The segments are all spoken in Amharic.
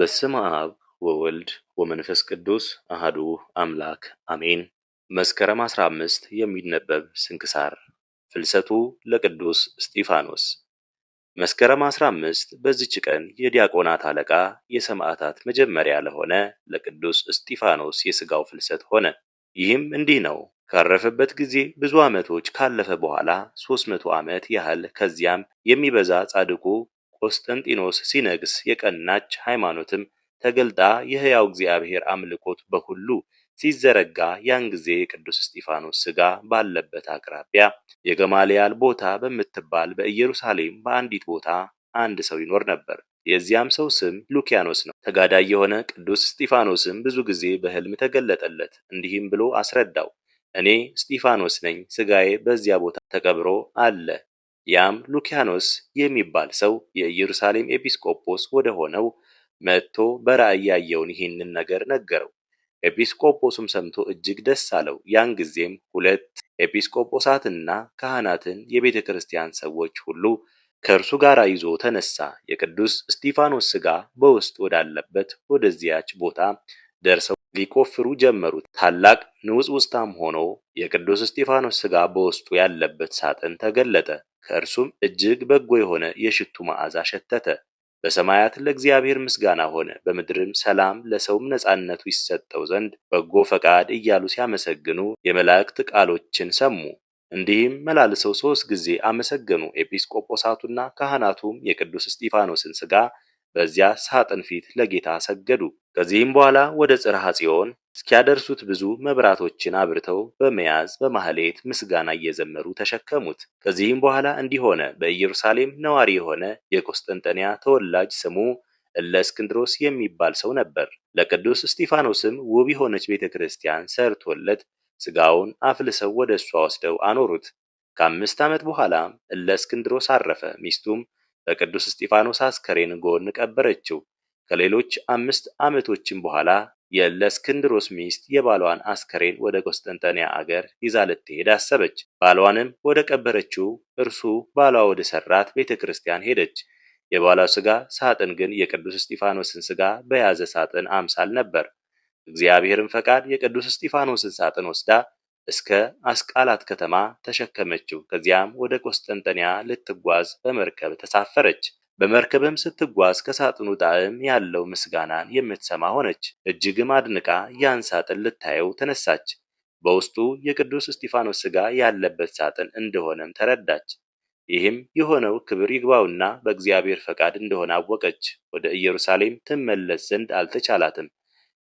በስመ አብ ወወልድ ወመንፈስ ቅዱስ አህዱ አምላክ አሜን። መስከረም 15 የሚነበብ ስንክሳር ፍልሰቱ ለቅዱስ እስጢፋኖስ። መስከረም 15 በዚች ቀን የዲያቆናት አለቃ የሰማዕታት መጀመሪያ ለሆነ ለቅዱስ እስጢፋኖስ የሥጋው ፍልሰት ሆነ። ይህም እንዲህ ነው። ካረፈበት ጊዜ ብዙ ዓመቶች ካለፈ በኋላ 300 ዓመት ያህል ከዚያም የሚበዛ ጻድቁ ቆስጠንጢኖስ ሲነግስ የቀናች ሃይማኖትም ተገልጣ የሕያው እግዚአብሔር አምልኮት በሁሉ ሲዘረጋ ያን ጊዜ የቅዱስ እስጢፋኖስ ሥጋ ባለበት አቅራቢያ የገማልያል ቦታ በምትባል በኢየሩሳሌም በአንዲት ቦታ አንድ ሰው ይኖር ነበር። የዚያም ሰው ስም ሉኪያኖስ ነው። ተጋዳይ የሆነ ቅዱስ እስጢፋኖስም ብዙ ጊዜ በሕልም ተገለጠለት፣ እንዲህም ብሎ አስረዳው። እኔ እስጢፋኖስ ነኝ፣ ሥጋዬ በዚያ ቦታ ተቀብሮ አለ ያም ሉኪያኖስ የሚባል ሰው የኢየሩሳሌም ኤጲስቆጶስ ወደ ሆነው መጥቶ በራእይ ያየውን ይህንን ነገር ነገረው። ኤጲስቆጶስም ሰምቶ እጅግ ደስ አለው። ያን ጊዜም ሁለት ኤጲስቆጶሳትና ካህናትን የቤተ ክርስቲያን ሰዎች ሁሉ ከእርሱ ጋር ይዞ ተነሳ። የቅዱስ እስጢፋኖስ ሥጋ በውስጥ ወዳለበት ወደዚያች ቦታ ደርሰው ሊቆፍሩ ጀመሩት። ታላቅ ንውጽውጽታም ሆኖ የቅዱስ እስጢፋኖስ ሥጋ በውስጡ ያለበት ሳጥን ተገለጠ። ከእርሱም እጅግ በጎ የሆነ የሽቱ መዓዛ ሸተተ። በሰማያት ለእግዚአብሔር ምስጋና ሆነ፣ በምድርም ሰላም ለሰውም ነጻነቱ ይሰጠው ዘንድ በጎ ፈቃድ እያሉ ሲያመሰግኑ የመላእክት ቃሎችን ሰሙ። እንዲህም መላልሰው ሦስት ጊዜ አመሰገኑ። ኤጲስቆጶሳቱና ካህናቱም የቅዱስ እስጢፋኖስን ሥጋ በዚያ ሳጥን ፊት ለጌታ ሰገዱ። ከዚህም በኋላ ወደ ጽርሐ ጽዮን እስኪያደርሱት ብዙ መብራቶችን አብርተው በመያዝ በማህሌት ምስጋና እየዘመሩ ተሸከሙት። ከዚህም በኋላ እንዲህ ሆነ። በኢየሩሳሌም ነዋሪ የሆነ የቆስጠንጠንያ ተወላጅ ስሙ እለእስክንድሮስ የሚባል ሰው ነበር። ለቅዱስ እስጢፋኖስም ውብ የሆነች ቤተ ክርስቲያን ሰርቶለት ስጋውን አፍልሰው ወደ እሷ ወስደው አኖሩት። ከአምስት ዓመት በኋላ እለእስክንድሮስ አረፈ። ሚስቱም በቅዱስ እስጢፋኖስ አስከሬን ጎን ቀበረችው። ከሌሎች አምስት ዓመቶችም በኋላ የእስክንድሮስ ሚስት የባሏን አስከሬን ወደ ቆስጠንጠንያ አገር ይዛ ልትሄድ አሰበች። ባሏንም ወደ ቀበረችው እርሱ ባሏ ወደ ሰራት ቤተ ክርስቲያን ሄደች። የባሏ ስጋ ሳጥን ግን የቅዱስ እስጢፋኖስን ስጋ በያዘ ሳጥን አምሳል ነበር። እግዚአብሔርም ፈቃድ የቅዱስ እስጢፋኖስን ሳጥን ወስዳ እስከ አስቃላት ከተማ ተሸከመችው። ከዚያም ወደ ቆስጠንጠንያ ልትጓዝ በመርከብ ተሳፈረች። በመርከብም ስትጓዝ ከሳጥኑ ጣዕም ያለው ምስጋናን የምትሰማ ሆነች። እጅግም አድንቃ ያን ሳጥን ልታየው ተነሳች። በውስጡ የቅዱስ እስጢፋኖስ ሥጋ ያለበት ሳጥን እንደሆነም ተረዳች። ይህም የሆነው ክብር ይግባውና በእግዚአብሔር ፈቃድ እንደሆነ አወቀች። ወደ ኢየሩሳሌም ትመለስ ዘንድ አልተቻላትም።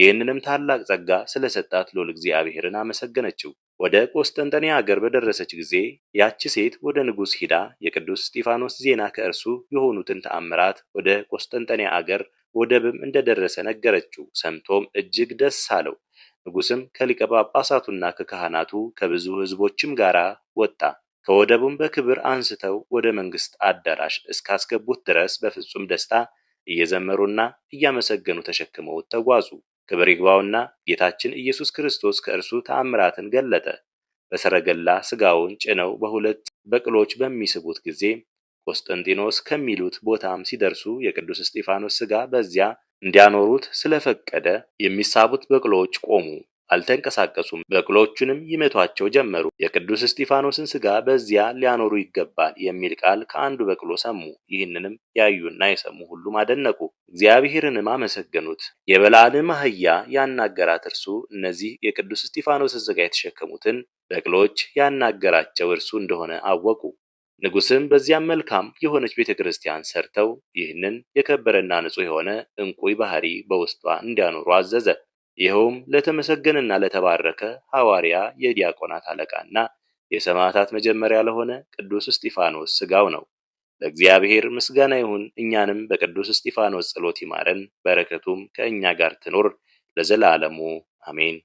ይህንንም ታላቅ ጸጋ ስለ ሰጣት እግዚአብሔርን አመሰገነችው። ወደ ቆስጠንጠኔ አገር በደረሰች ጊዜ ያቺ ሴት ወደ ንጉሥ ሂዳ የቅዱስ እስጢፋኖስ ዜና ከእርሱ የሆኑትን ተአምራት ወደ ቆስጠንጠኔ አገር ወደብም እንደደረሰ ነገረችው። ሰምቶም እጅግ ደስ አለው። ንጉሥም ከሊቀ ጳጳሳቱና ከካህናቱ ከብዙ ሕዝቦችም ጋር ወጣ። ከወደቡም በክብር አንስተው ወደ መንግሥት አዳራሽ እስካስገቡት ድረስ በፍጹም ደስታ እየዘመሩና እያመሰገኑ ተሸክመው ተጓዙ። ክብር ይግባውና ጌታችን ኢየሱስ ክርስቶስ ከእርሱ ተአምራትን ገለጠ። በሰረገላ ስጋውን ጭነው በሁለት በቅሎች በሚስቡት ጊዜ ቆስጠንጢኖስ ከሚሉት ቦታም ሲደርሱ የቅዱስ እስጢፋኖስ ስጋ በዚያ እንዲያኖሩት ስለፈቀደ የሚሳቡት በቅሎች ቆሙ። አልተንቀሳቀሱም። በቅሎቹንም ይመቷቸው ጀመሩ። የቅዱስ እስጢፋኖስን ሥጋ በዚያ ሊያኖሩ ይገባል የሚል ቃል ከአንዱ በቅሎ ሰሙ። ይህንንም ያዩና የሰሙ ሁሉም አደነቁ፣ እግዚአብሔርንም አመሰገኑት። የበለዓም አህያ ያናገራት እርሱ እነዚህ የቅዱስ እስጢፋኖስን ሥጋ የተሸከሙትን በቅሎች ያናገራቸው እርሱ እንደሆነ አወቁ። ንጉሥም በዚያም መልካም የሆነች ቤተ ክርስቲያን ሰርተው ይህንን የከበረና ንጹሕ የሆነ እንቁይ ባህሪ በውስጧ እንዲያኖሩ አዘዘ። ይኸውም ለተመሰገነና ለተባረከ ሐዋርያ የዲያቆናት አለቃና የሰማዕታት መጀመሪያ ለሆነ ቅዱስ እስጢፋኖስ ሥጋው ነው። ለእግዚአብሔር ምስጋና ይሁን። እኛንም በቅዱስ እስጢፋኖስ ጸሎት ይማረን፣ በረከቱም ከእኛ ጋር ትኖር ለዘላለሙ አሜን።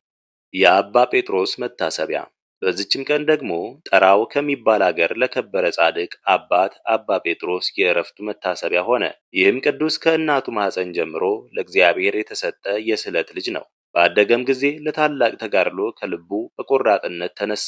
የአባ ጴጥሮስ መታሰቢያ። በዚችም ቀን ደግሞ ጠራው ከሚባል አገር ለከበረ ጻድቅ አባት አባ ጴጥሮስ የእረፍቱ መታሰቢያ ሆነ። ይህም ቅዱስ ከእናቱ ማኅፀን ጀምሮ ለእግዚአብሔር የተሰጠ የስዕለት ልጅ ነው። ባደገም ጊዜ ለታላቅ ተጋድሎ ከልቡ በቆራጥነት ተነሳ።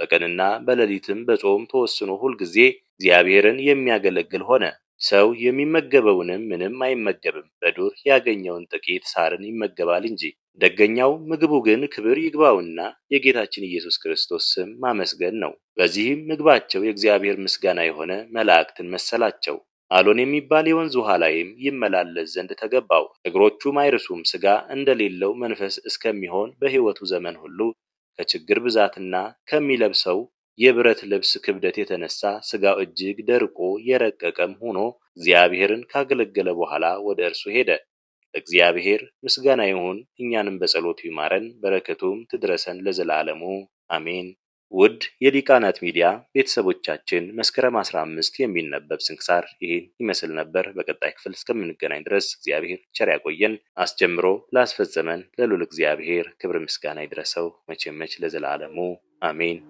በቀንና በሌሊትም በጾም ተወስኖ ሁልጊዜ እግዚአብሔርን የሚያገለግል ሆነ። ሰው የሚመገበውንም ምንም አይመገብም፣ በዱር ያገኘውን ጥቂት ሳርን ይመገባል እንጂ። ደገኛው ምግቡ ግን ክብር ይግባውና የጌታችን ኢየሱስ ክርስቶስ ስም ማመስገን ነው። በዚህም ምግባቸው የእግዚአብሔር ምስጋና የሆነ መላእክትን መሰላቸው። አሎን የሚባል የወንዝ ውሃ ላይም ይመላለስ ዘንድ ተገባው። እግሮቹ አይርሱም፣ ሥጋ እንደሌለው መንፈስ እስከሚሆን በሕይወቱ ዘመን ሁሉ ከችግር ብዛትና ከሚለብሰው የብረት ልብስ ክብደት የተነሳ ሥጋው እጅግ ደርቆ የረቀቀም ሆኖ እግዚአብሔርን ካገለገለ በኋላ ወደ እርሱ ሄደ። ለእግዚአብሔር ምስጋና ይሁን፣ እኛንም በጸሎቱ ይማረን፣ በረከቱም ትድረሰን ለዘላለሙ አሜን። ውድ የዲቃናት ሚዲያ ቤተሰቦቻችን መስከረም 15 የሚነበብ ስንክሳር ይህን ይመስል ነበር። በቀጣይ ክፍል እስከምንገናኝ ድረስ እግዚአብሔር ቸር ያቆየን። አስጀምሮ ላስፈጸመን ለልዑል እግዚአብሔር ክብር ምስጋና ይድረሰው መቼመች መች ለዘላለሙ አሜን።